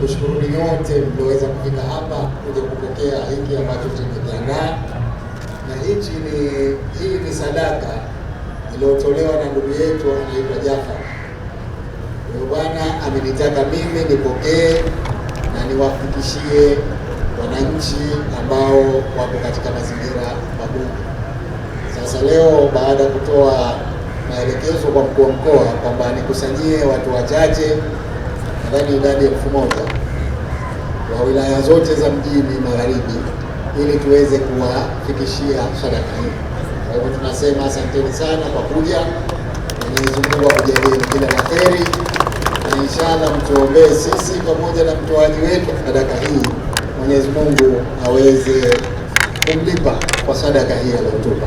kushukuru nyote mlioweza kufika hapa kuja kupokea hiki ambacho tumekiandaa, na hichi ni hii ni sadaka iliyotolewa na ndugu yetu anaitwa Jafar. Huyo bwana amenitaka mimi nipokee na niwafikishie wananchi ambao wako katika mazingira magumu. Sasa leo baada ya kutoa maelekezo kwa mkuu wa mkoa kwamba nikusanyie watu wachache nadhani idadi ya elfu moja wa wilaya zote za mjini magharibi, ili tuweze kuwafikishia sadaka hii. Kwa hivyo tunasema asanteni sana kwa kuja. Mwenyezi Mungu akujalie kila la heri, na inshallah mtuombee sisi pamoja na mtoaji wetu sadaka hii, Mwenyezi Mungu aweze kumlipa kwa sadaka hii aliyotupa.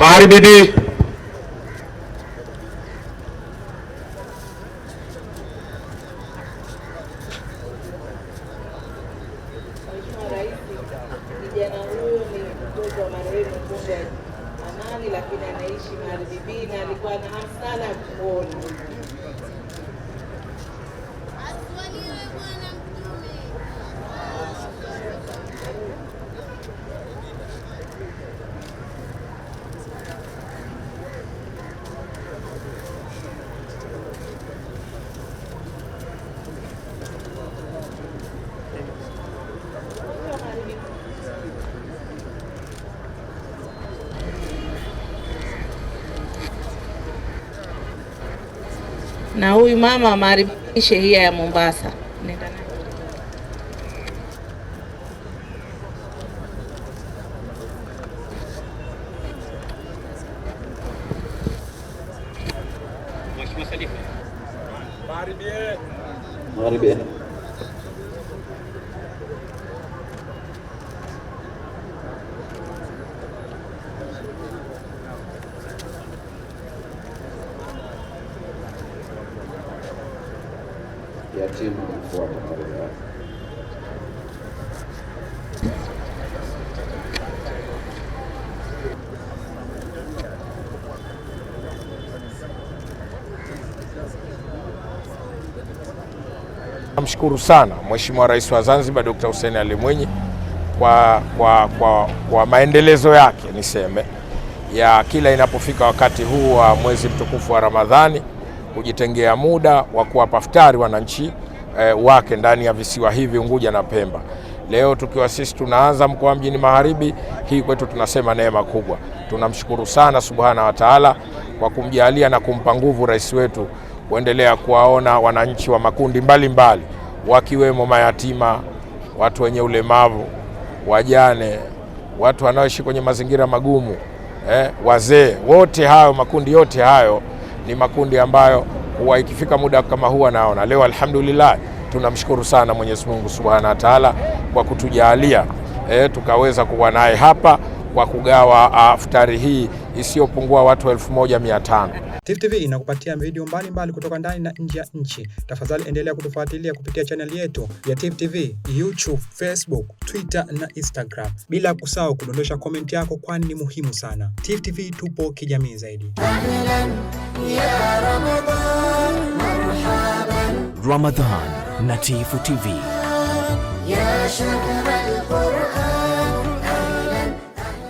મારી દીદી Kijana huyu ni mtoto wa marehemu Mkunde Amani, lakini anaishi Magharibi na alikuwa na hamu sana kuona na huyu mama amaharibishe hii ya Mombasa. Mheshimiwa Sadiq. ya timu kufuata mawazo yake. Namshukuru sana Mheshimiwa Rais wa Zanzibar Dr. Hussein Ali Mwinyi kwa, kwa, kwa, kwa maendelezo yake niseme ya kila inapofika wakati huu wa mwezi mtukufu wa Ramadhani kujitengea muda wa kuwapa futari wananchi e, wake ndani ya visiwa hivi Unguja na Pemba. Leo tukiwa sisi tunaanza mkoa wa Mjini Magharibi, hii kwetu tunasema neema kubwa. Tunamshukuru sana Subhana wa Taala kwa kumjalia na kumpa nguvu rais wetu kuendelea kuwaona wananchi wa makundi mbalimbali mbali, wakiwemo mayatima, watu wenye ulemavu, wajane, watu wanaoishi kwenye mazingira magumu eh, wazee, wote hayo makundi yote hayo ni makundi ambayo huwa ikifika muda kama huu anaona. Leo alhamdulillah tunamshukuru sana Mwenyezi Mungu Subhanahu wa Ta'ala kwa kutujaalia e, eh, tukaweza kuwa naye hapa kwa kugawa ah, futari hii isiyopungua watu 1500. Tifu TV inakupatia video mbalimbali kutoka ndani na nje ya nchi. Tafadhali endelea kutufuatilia kupitia chaneli yetu ya Tifu TV, YouTube, Facebook, Twitter na Instagram, bila kusahau kudondosha komenti yako, kwani ni muhimu sana. Tifu TV tupo kijamii zaidi. Ramadan na Tifu TV.